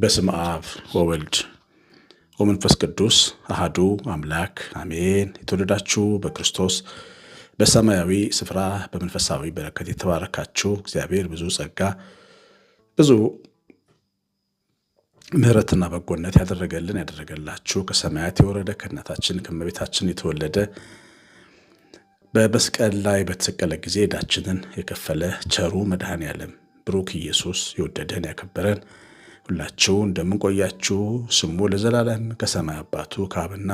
በስም አብ ወወልድ ወመንፈስ ቅዱስ አህዱ አምላክ አሜን። የተወደዳችሁ በክርስቶስ በሰማያዊ ስፍራ በመንፈሳዊ በረከት የተባረካችሁ እግዚአብሔር ብዙ ጸጋ ብዙ ምሕረትና በጎነት ያደረገልን ያደረገላችሁ ከሰማያት የወረደ ከእናታችን ከእመቤታችን የተወለደ በመስቀል ላይ በተሰቀለ ጊዜ ዕዳችንን የከፈለ ቸሩ መድኃኔ ዓለም ብሩክ ኢየሱስ የወደደን ያከበረን ሁላችሁ እንደምንቆያችሁ ስሙ ለዘላለም ከሰማይ አባቱ ከአብና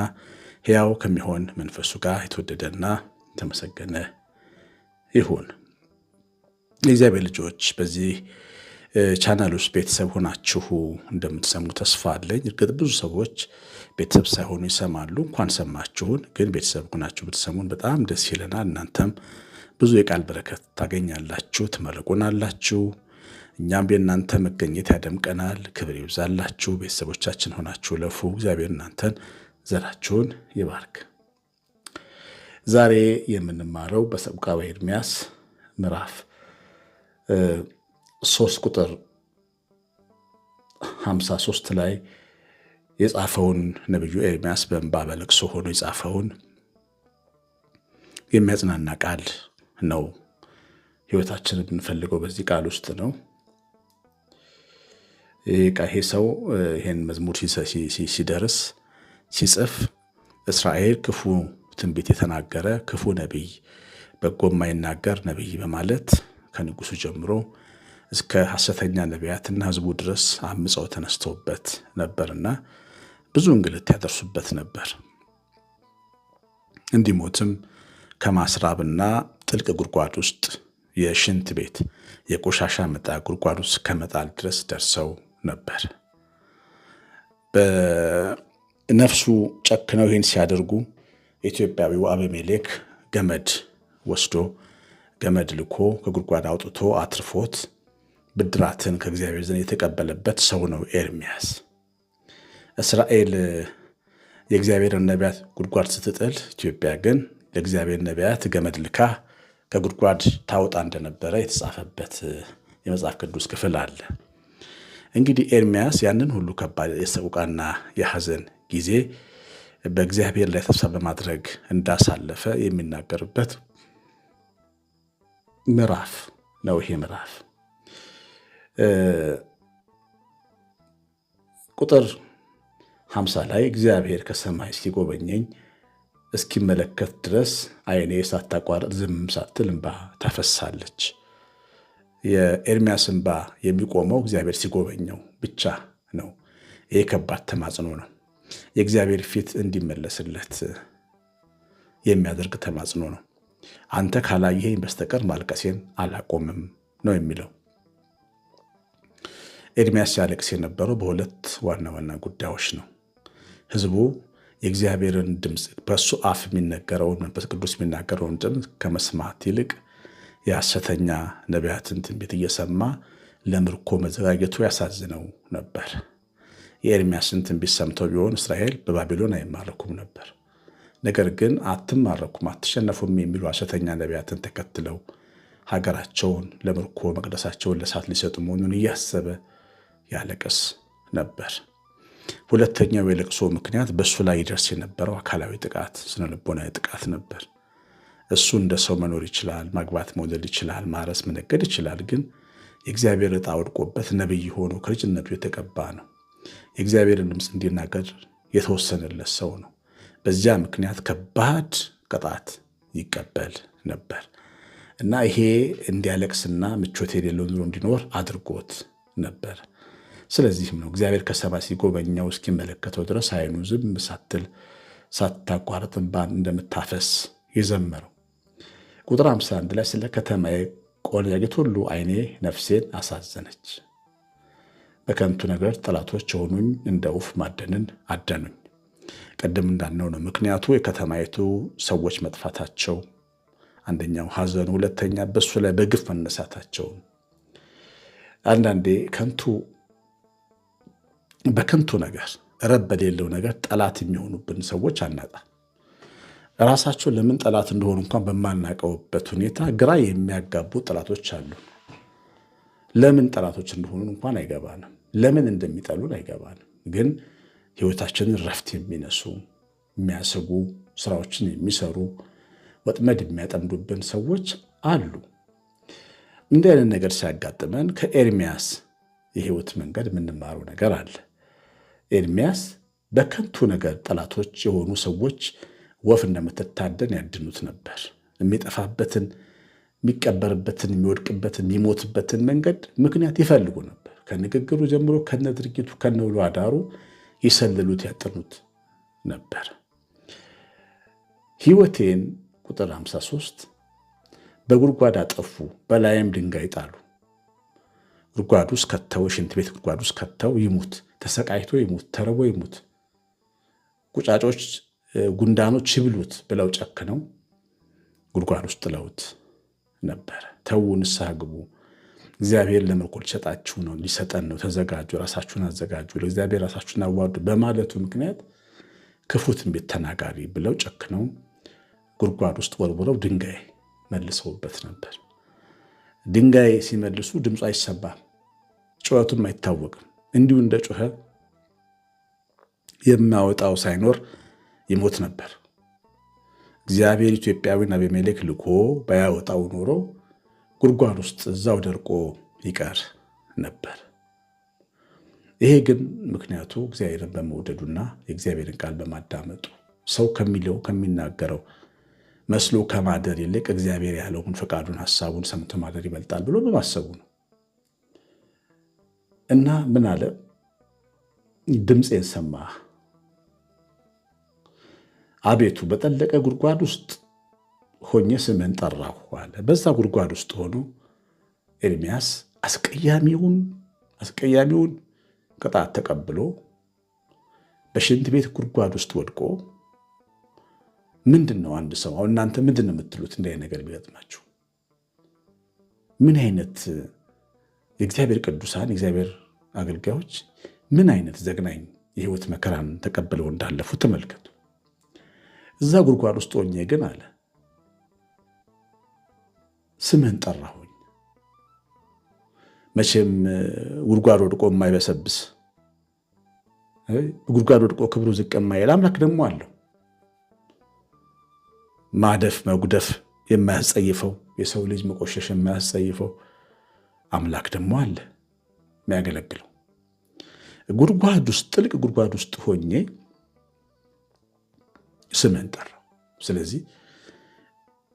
ሕያው ከሚሆን መንፈሱ ጋር የተወደደና የተመሰገነ ይሁን። የእግዚአብሔር ልጆች በዚህ ቻናል ውስጥ ቤተሰብ ሆናችሁ እንደምትሰሙ ተስፋ አለኝ። እርግጥ ብዙ ሰዎች ቤተሰብ ሳይሆኑ ይሰማሉ። እንኳን ሰማችሁን። ግን ቤተሰብ ሆናችሁ ብትሰሙን በጣም ደስ ይለናል። እናንተም ብዙ የቃል በረከት ታገኛላችሁ፣ አላችሁ እኛም የእናንተ መገኘት ያደምቀናል። ክብር ይብዛላችሁ። ቤተሰቦቻችን ሆናችሁ ለፉ። እግዚአብሔር እናንተን ዘራችሁን ይባርክ። ዛሬ የምንማረው በሰብቃዊ ኤርምያስ ምዕራፍ ሶስት ቁጥር 53 ላይ የጻፈውን ነቢዩ ኤርሚያስ በእንባ ልቅሶ ሆኖ የጻፈውን የሚያጽናና ቃል ነው። ህይወታችንን የምንፈልገው በዚህ ቃል ውስጥ ነው። ይሄ ሰው ይህን መዝሙር ሲደርስ ሲጽፍ እስራኤል ክፉ ትንቢት የተናገረ ክፉ ነቢይ፣ በጎ የማይናገር ነቢይ በማለት ከንጉሱ ጀምሮ እስከ ሐሰተኛ ነቢያትና ህዝቡ ድረስ አምፀው ተነስተውበት ነበርና ብዙ እንግልት ያደርሱበት ነበር። እንዲሞትም ከማስራብና ጥልቅ ጉድጓድ ውስጥ የሽንት ቤት የቆሻሻ መጣ ጉድጓድ ውስጥ ከመጣል ድረስ ደርሰው ነበር። በነፍሱ ጨክነው ይህን ሲያደርጉ ኢትዮጵያዊው አቤሜሌክ ገመድ ወስዶ ገመድ ልኮ ከጉድጓድ አውጥቶ አትርፎት ብድራትን ከእግዚአብሔር ዘንድ የተቀበለበት ሰው ነው ኤርሚያስ። እስራኤል የእግዚአብሔርን ነቢያት ጉድጓድ ስትጥል፣ ኢትዮጵያ ግን ለእግዚአብሔር ነቢያት ገመድ ልካ ከጉድጓድ ታወጣ እንደነበረ የተጻፈበት የመጽሐፍ ቅዱስ ክፍል አለ። እንግዲህ ኤርሚያስ ያንን ሁሉ ከባድ የሰቆቃና የሐዘን ጊዜ በእግዚአብሔር ላይ ተስፋ በማድረግ እንዳሳለፈ የሚናገርበት ምዕራፍ ነው ይሄ ምዕራፍ። ቁጥር ሀምሳ ላይ እግዚአብሔር ከሰማይ ሲጎበኘኝ እስኪመለከት ድረስ አይኔ ሳታቋርጥ ዝም ሳትል እንባ ታፈሳለች። የኤርሚያስ እንባ የሚቆመው እግዚአብሔር ሲጎበኘው ብቻ ነው። ይሄ ከባድ ተማጽኖ ነው። የእግዚአብሔር ፊት እንዲመለስለት የሚያደርግ ተማጽኖ ነው። አንተ ካላየኸኝ በስተቀር ማልቀሴን አላቆምም ነው የሚለው። ኤርሚያስ ሲያለቅስ የነበረው በሁለት ዋና ዋና ጉዳዮች ነው። ህዝቡ የእግዚአብሔርን ድምፅ በእሱ አፍ የሚነገረውን መንፈስ ቅዱስ የሚናገረውን ድምፅ ከመስማት ይልቅ የሐሰተኛ ነቢያትን ትንቢት እየሰማ ለምርኮ መዘጋጀቱ ያሳዝነው ነበር። የኤርሚያስን ትንቢት ሰምተው ቢሆን እስራኤል በባቢሎን አይማረኩም ነበር። ነገር ግን አትማረኩም፣ አትሸነፉም የሚሉ ሐሰተኛ ነቢያትን ተከትለው ሀገራቸውን ለምርኮ መቅደሳቸውን ለእሳት ሊሰጡ መሆኑን እያሰበ ያለቅስ ነበር። ሁለተኛው የለቅሶ ምክንያት በእሱ ላይ ይደርስ የነበረው አካላዊ ጥቃት፣ ስነልቦናዊ ጥቃት ነበር። እሱ እንደ ሰው መኖር ይችላል፣ ማግባት፣ መውለድ ይችላል፣ ማረስ፣ መነገድ ይችላል። ግን የእግዚአብሔር ዕጣ ወድቆበት ነቢይ ሆኖ ከልጅነቱ የተቀባ ነው። የእግዚአብሔርን ድምፅ እንዲናገር የተወሰነለት ሰው ነው። በዚያ ምክንያት ከባድ ቅጣት ይቀበል ነበር እና ይሄ እንዲያለቅስና ምቾት የሌለው ኑሮ እንዲኖር አድርጎት ነበር። ስለዚህም ነው እግዚአብሔር ከሰባ ሲጎበኛው እስኪመለከተው ድረስ አይኑ ዝም ሳትል ሳታቋርጥ እንባን እንደምታፈስ የዘመረው። ቁጥር 51 ላይ ስለ ከተማ ቆነጃጅት ሁሉ አይኔ ነፍሴን አሳዘነች። በከንቱ ነገር ጠላቶች የሆኑኝ እንደ ውፍ ማደንን አደኑኝ። ቅድም እንዳነው ነው ምክንያቱ የከተማይቱ ሰዎች መጥፋታቸው አንደኛው ሀዘኑ፣ ሁለተኛ በሱ ላይ በግፍ መነሳታቸው አንዳንዴ ከንቱ በከንቱ ነገር ረብ በሌለው ነገር ጠላት የሚሆኑብን ሰዎች አናጣ። ራሳቸው ለምን ጠላት እንደሆኑ እንኳን በማናቀውበት ሁኔታ ግራ የሚያጋቡ ጠላቶች አሉ። ለምን ጠላቶች እንደሆኑ እንኳን አይገባንም። ለምን እንደሚጠሉን አይገባንም። ግን ህይወታችንን ረፍት የሚነሱ የሚያስጉ ስራዎችን የሚሰሩ ወጥመድ የሚያጠምዱብን ሰዎች አሉ። እንዲህ አይነት ነገር ሲያጋጥመን ከኤርሚያስ የህይወት መንገድ የምንማረው ነገር አለ። ኤርሚያስ በከንቱ ነገር ጠላቶች የሆኑ ሰዎች ወፍ እንደምትታደን ያድኑት ነበር። የሚጠፋበትን፣ የሚቀበርበትን፣ የሚወድቅበትን፣ የሚሞትበትን መንገድ ምክንያት ይፈልጉ ነበር። ከንግግሩ ጀምሮ ከነ ድርጊቱ ከነ ውሎ አዳሩ ይሰልሉት ያጥኑት ነበር። ህይወቴን ቁጥር 53 በጉድጓድ አጠፉ፣ በላይም ድንጋይ ጣሉ። ጉድጓድ ውስጥ ከተው ሽንት ቤት ጉድጓድ ውስጥ ከተው ይሙት ተሰቃይቶ ይሙት፣ ተርቦ ይሙት፣ ቁጫጮች፣ ጉንዳኖች ይብሉት ብለው ጨክነው ጉድጓድ ውስጥ ጥለውት ነበር። ተዉ፣ ንስሐ ግቡ። እግዚአብሔር ለመልኮ ሊሰጣችሁ ነው፣ ሊሰጠን ነው። ተዘጋጁ፣ ራሳችሁን አዘጋጁ፣ ለእግዚአብሔር ራሳችሁን አዋዱ በማለቱ ምክንያት ክፉ ትንቢት ተናጋሪ ብለው ጨክነው ጉድጓድ ውስጥ ወርውረው ድንጋይ መልሰውበት ነበር። ድንጋይ ሲመልሱ ድምፁ አይሰባም፣ ጩኸቱም አይታወቅም። እንዲሁ እንደ ጩኸ የሚያወጣው ሳይኖር ይሞት ነበር። እግዚአብሔር ኢትዮጵያዊን አቤሜሌክ ልኮ ባያወጣው ኖሮ ጉድጓድ ውስጥ እዛው ደርቆ ይቀር ነበር። ይሄ ግን ምክንያቱ እግዚአብሔርን በመውደዱና የእግዚአብሔርን ቃል በማዳመጡ ሰው ከሚለው ከሚናገረው መስሎ ከማደር ይልቅ እግዚአብሔር ያለውን ፈቃዱን፣ ሀሳቡን ሰምቶ ማደር ይበልጣል ብሎ በማሰቡ ነው። እና ምን አለ ድምፄን ሰማ። አቤቱ በጠለቀ ጉድጓድ ውስጥ ሆኜ ስምን ጠራሁ አለ። በዛ ጉድጓድ ውስጥ ሆኖ ኤርሚያስ አስቀያሚውን አስቀያሚውን ቅጣት ተቀብሎ በሽንት ቤት ጉድጓድ ውስጥ ወድቆ ምንድን ነው አንድ ሰው እናንተ ምንድን ነው የምትሉት? እንዲህ ነገር ቢገጥማችሁ ምን አይነት የእግዚአብሔር ቅዱሳን የእግዚአብሔር አገልጋዮች ምን አይነት ዘግናኝ የህይወት መከራን ተቀብለው እንዳለፉ ተመልከቱ። እዛ ጉድጓድ ውስጥ ሆኜ ግን አለ ስምህን ጠራሁኝ። መቼም ጉድጓድ ወድቆ የማይበሰብስ ጉድጓድ ወድቆ ክብሩ ዝቅ የማይል አምላክ ደግሞ አለው። ማደፍ መጉደፍ የማያስጸይፈው የሰው ልጅ መቆሸሽ የማያስጸይፈው አምላክ ደግሞ አለ። የሚያገለግለው። ጉድጓድ ውስጥ ጥልቅ ጉድጓድ ውስጥ ሆኜ ስምን ጠራው። ስለዚህ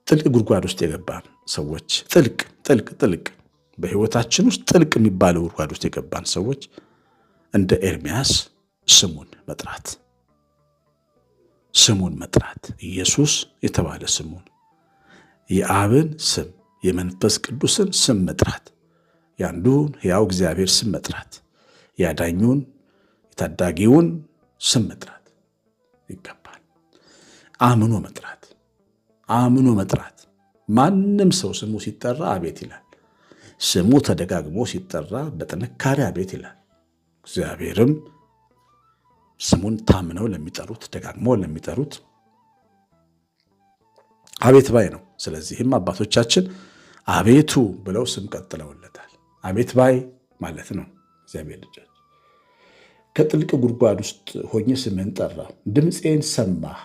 ጥልቅ ጉድጓድ ውስጥ የገባን ሰዎች ጥልቅ ጥልቅ ጥልቅ በህይወታችን ውስጥ ጥልቅ የሚባለው ጉድጓድ ውስጥ የገባን ሰዎች እንደ ኤርሚያስ ስሙን መጥራት ስሙን መጥራት ኢየሱስ የተባለ ስሙን የአብን ስም የመንፈስ ቅዱስን ስም መጥራት የአንዱን ሕያው እግዚአብሔር ስም መጥራት፣ ያዳኙን የታዳጊውን ስም መጥራት ይገባል። አምኖ መጥራት አምኖ መጥራት። ማንም ሰው ስሙ ሲጠራ አቤት ይላል። ስሙ ተደጋግሞ ሲጠራ በጥንካሬ አቤት ይላል። እግዚአብሔርም ስሙን ታምነው ለሚጠሩት ደጋግሞ ለሚጠሩት አቤት ባይ ነው። ስለዚህም አባቶቻችን አቤቱ ብለው ስም ቀጥለውለ አቤት ባይ ማለት ነው። እግዚአብሔር ልጆች ከጥልቅ ጉድጓድ ውስጥ ሆኜ ስምህን ጠራ፣ ድምፄን ሰማህ፣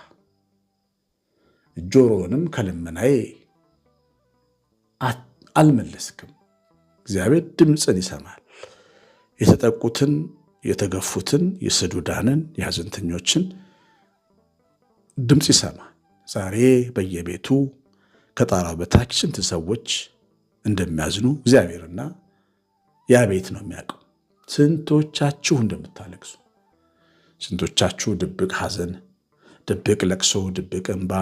ጆሮንም ከልመናዬ አልመለስክም። እግዚአብሔር ድምፅን ይሰማል። የተጠቁትን፣ የተገፉትን፣ የስዱዳንን፣ የሐዘንተኞችን ድምፅ ይሰማል። ዛሬ በየቤቱ ከጣራው በታች ስንት ሰዎች እንደሚያዝኑ እግዚአብሔርና ያ ቤት ነው የሚያውቀው። ስንቶቻችሁ እንደምታለቅሱ፣ ስንቶቻችሁ ድብቅ ሐዘን፣ ድብቅ ለቅሶ፣ ድብቅ እንባ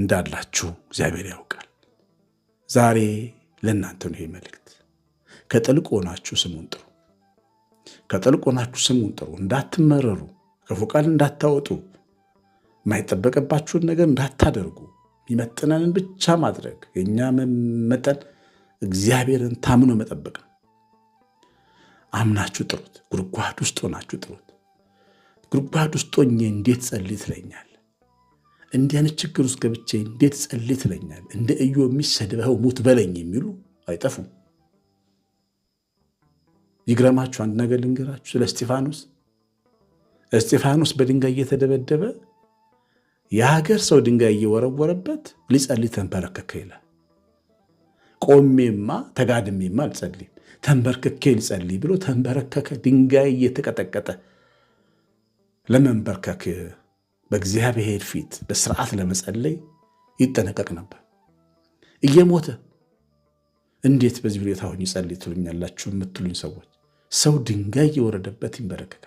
እንዳላችሁ እግዚአብሔር ያውቃል። ዛሬ ለእናንተ ነው ይሄ መልእክት። ከጥልቅ ሆናችሁ ስሙን ጥሩ፣ ከጥልቅ ሆናችሁ ስሙን ጥሩ። እንዳትመረሩ፣ ክፉ ቃል እንዳታወጡ፣ የማይጠበቅባችሁን ነገር እንዳታደርጉ፣ የሚመጥነንን ብቻ ማድረግ የእኛ መጠን እግዚአብሔርን ታምኖ መጠበቅ ነው። አምናችሁ ጥሩት። ጉድጓድ ውስጥ ሆናችሁ ጥሩት። ጉድጓድ ውስጥ ሆኜ እንዴት ጸልይ ትለኛል? እንዲህ አይነት ችግር ውስጥ ገብቼ እንዴት ጸልይ ትለኛል? እንደ እዮ የሚሰድበኸው ሙት በለኝ የሚሉ አይጠፉም። ይግረማችሁ አንድ ነገር ልንገራችሁ ስለ እስጢፋኖስ። እስጢፋኖስ በድንጋይ እየተደበደበ የሀገር ሰው ድንጋይ እየወረወረበት ሊጸልይ ተንበረከከ ይላል። ቆሜማ ተጋድሜማ አልጸልይም ተንበርክኬ ልጸልይ ብሎ ተንበረከከ። ድንጋይ እየተቀጠቀጠ ለመንበርከክ በእግዚአብሔር ፊት በስርዓት ለመጸለይ ይጠነቀቅ ነበር። እየሞተ እንዴት በዚህ ሁኔታ ሆኜ ጸልይ ትሉኛላችሁ የምትሉኝ ሰዎች፣ ሰው ድንጋይ እየወረደበት ይንበረከካል።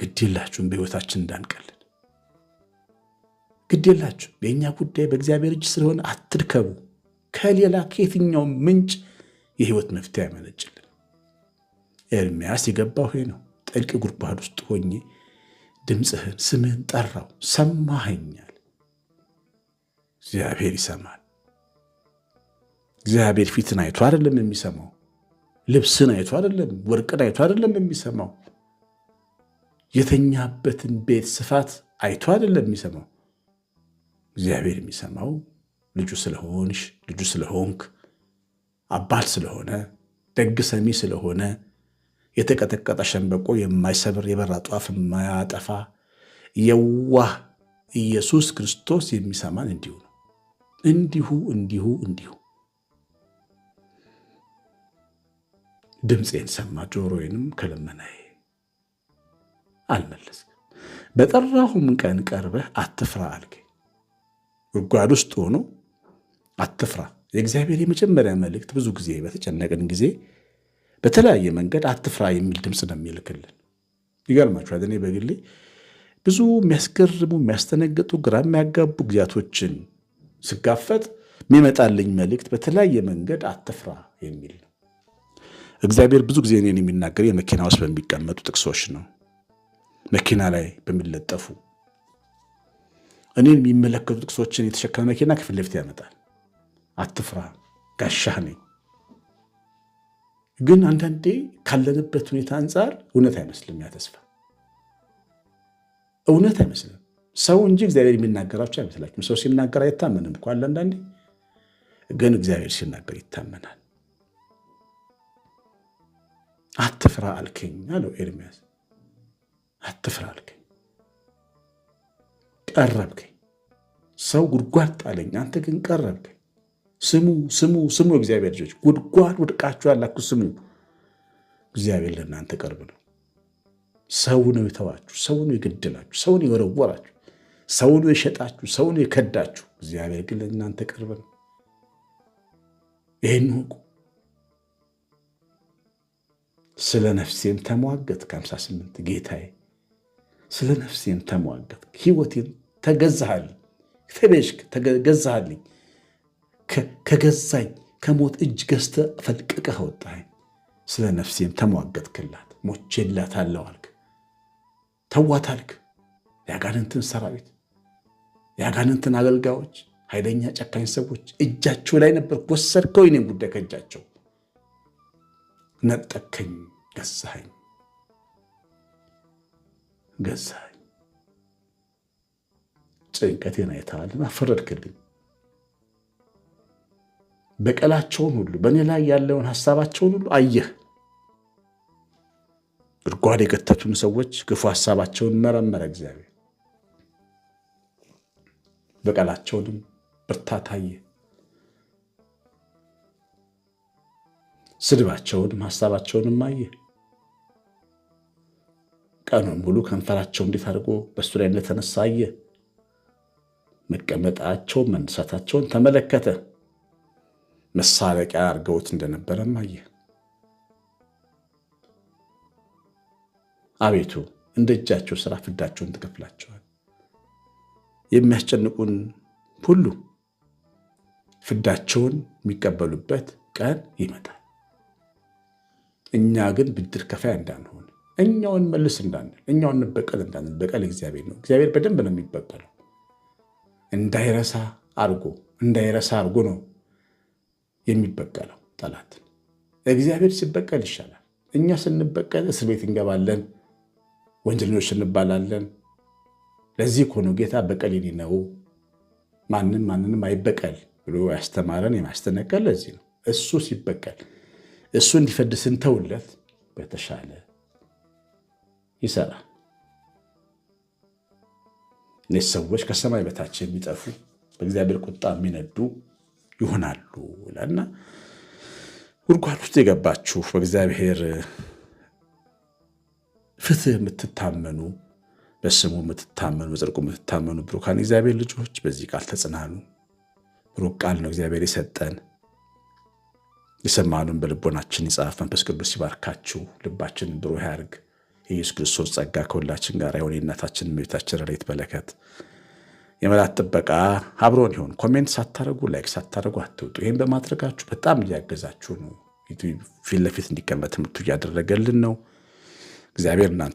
ግድ የላችሁም በህይወታችን እንዳንቀልድ፣ ግድ የላችሁም የእኛ ጉዳይ በእግዚአብሔር እጅ ስለሆነ አትድከቡ። ከሌላ ከየትኛውም ምንጭ የህይወት መፍትሄ አይመነጭልን። ኤርሚያስ የገባው ይሄ ነው። ጥልቅ ጉድጓድ ውስጥ ሆኜ ድምፅህን ስምህን ጠራው፣ ሰማኸኛል። እግዚአብሔር ይሰማል። እግዚአብሔር ፊትን አይቶ አይደለም የሚሰማው፣ ልብስን አይቶ አይደለም፣ ወርቅን አይቶ አይደለም የሚሰማው፣ የተኛበትን ቤት ስፋት አይቶ አይደለም የሚሰማው። እግዚአብሔር የሚሰማው ልጁ ስለሆንሽ ልጁ ስለሆንክ አባት ስለሆነ ደግ ሰሚ ስለሆነ የተቀጠቀጠ ሸንበቆ የማይሰብር የበራ ጧፍ የማያጠፋ የዋህ ኢየሱስ ክርስቶስ የሚሰማን እንዲሁ ነው። እንዲሁ እንዲሁ እንዲሁ ድምፄን ሰማ፣ ጆሮዬንም ከልመናዬ አልመለስም። በጠራሁም ቀን ቀርበህ አትፍራ አልከኝ። ጉድጓድ ውስጥ ሆኖ አትፍራ የእግዚአብሔር የመጀመሪያ መልእክት ብዙ ጊዜ በተጨነቅን ጊዜ በተለያየ መንገድ አትፍራ የሚል ድምፅ ነው የሚልክልን። ይገርማችኋል። እኔ በግሌ ብዙ የሚያስገርሙ የሚያስተነግጡ፣ ግራ የሚያጋቡ ጊዜያቶችን ስጋፈጥ የሚመጣልኝ መልእክት በተለያየ መንገድ አትፍራ የሚል ነው። እግዚአብሔር ብዙ ጊዜ እኔን የሚናገር የመኪና ውስጥ በሚቀመጡ ጥቅሶች ነው። መኪና ላይ በሚለጠፉ እኔን የሚመለከቱ ጥቅሶችን የተሸከመ መኪና ከፊት ለፊት ያመጣል። አትፍራ ጋሻህ ነኝ። ግን አንዳንዴ ካለንበት ሁኔታ አንጻር እውነት አይመስልም። ያ ተስፋ እውነት አይመስልም። ሰው እንጂ እግዚአብሔር የሚናገራቸው አይመስላችሁም። ሰው ሲናገር አይታመንም እኮ አለ አንዳንዴ። ግን እግዚአብሔር ሲናገር ይታመናል። አትፍራ አልከኝ አለው ኤርሚያስ። አትፍራ አልከኝ፣ ቀረብከኝ። ሰው ጉድጓድ ጣለኝ፣ አንተ ግን ቀረብከኝ ስሙ ስሙ ስሙ። እግዚአብሔር ልጆች ጉድጓድ ውድቃችሁ ያላችሁ ስሙ። እግዚአብሔር ለእናንተ ቅርብ ነው። ሰው ነው የተዋችሁ፣ ሰው ነው የገደላችሁ፣ ሰው ነው የወረወራችሁ፣ ሰው ነው የሸጣችሁ፣ ሰው ነው የከዳችሁ። እግዚአብሔር ግን ለእናንተ ቅርብ ነው። ይህን ወቁ። ስለ ነፍሴም ተሟገት ከ 58 ጌታዬ ስለ ነፍሴም ተሟገት ህይወቴን ተገዛሃልኝ ከገዛኝ ከሞት እጅ ገዝተ ፈልቅቀህ አወጣኸኝ። ስለ ነፍሴም ተሟገጥክላት፣ ሞቼላታለሁ አልክ፣ ተዋት አልክ። የአጋንንትን ሰራዊት የአጋንንትን አገልጋዮች ኃይለኛ ጨካኝ ሰዎች እጃቸው ላይ ነበር። ወሰድከው፣ የእኔን ጉዳይ ከእጃቸው ነጠከኝ። ገዛኸኝ ገዛኸኝ። ጭንቀቴን አይተሃል፣ ፈረድክልኝ። በቀላቸውን ሁሉ በእኔ ላይ ያለውን ሀሳባቸውን ሁሉ አየህ። ጉድጓድ የገተቱን ሰዎች ክፉ ሀሳባቸውን መረመረ እግዚአብሔር። በቀላቸውንም ብርታት ስድባቸውንም ሀሳባቸውንም አየ። ቀኑን ሙሉ ከንፈራቸው እንዴት አድርጎ በእሱ ላይ እንደተነሳ አየህ መቀመጣቸውን መነሳታቸውን ተመለከተ። መሳለቂያ አድርገውት እንደነበረም አየ። አቤቱ እንደ እጃቸው ስራ ፍዳቸውን ትከፍላቸዋል። የሚያስጨንቁን ሁሉ ፍዳቸውን የሚቀበሉበት ቀን ይመጣል። እኛ ግን ብድር ከፋይ እንዳንሆን፣ እኛውን መልስ እንዳንል፣ እኛውን እንበቀል እንዳንል፣ በቀል እግዚአብሔር ነው። እግዚአብሔር በደንብ ነው የሚበቀለው። እንዳይረሳ አርጎ እንዳይረሳ አርጎ ነው የሚበቀለው ጠላትን። እግዚአብሔር ሲበቀል ይሻላል። እኛ ስንበቀል እስር ቤት እንገባለን፣ ወንጀለኞች እንባላለን። ለዚህ ከሆኑ ነው ጌታ በቀሊኒ ነው ማንም ማንንም አይበቀል ብሎ ያስተማረን የማስተነቀል ለዚህ ነው። እሱ ሲበቀል እሱ እንዲፈድ ስንተውለት በተሻለ ይሰራል። እነዚህ ሰዎች ከሰማይ በታች የሚጠፉ በእግዚአብሔር ቁጣ የሚነዱ ይሆናሉ ይላልና ጉድጓድ ውስጥ የገባችሁ በእግዚአብሔር ፍትህ የምትታመኑ በስሙ የምትታመኑ በጽድቁ የምትታመኑ ብሩካን እግዚአብሔር ልጆች በዚህ ቃል ተጽናኑ። ብሩክ ቃል ነው እግዚአብሔር የሰጠን። የሰማኑን በልቦናችን ይጻፍ። መንፈስ ቅዱስ ይባርካችሁ፣ ልባችን ብሩህ ያርግ። የኢየሱስ ክርስቶስ ጸጋ ከሁላችን ጋር የሆነ የእናታችን የእመቤታችን ረድኤት በረከት የመላት ጥበቃ አብሮን ይሆን። ኮሜንት ሳታደረጉ ላይክ ሳታደረጉ አትውጡ። ይህን በማድረጋችሁ በጣም እያገዛችሁ ነው። ፊት ለፊት እንዲቀመጥ ትምህርቱ እያደረገልን ነው። እግዚአብሔር እናንተ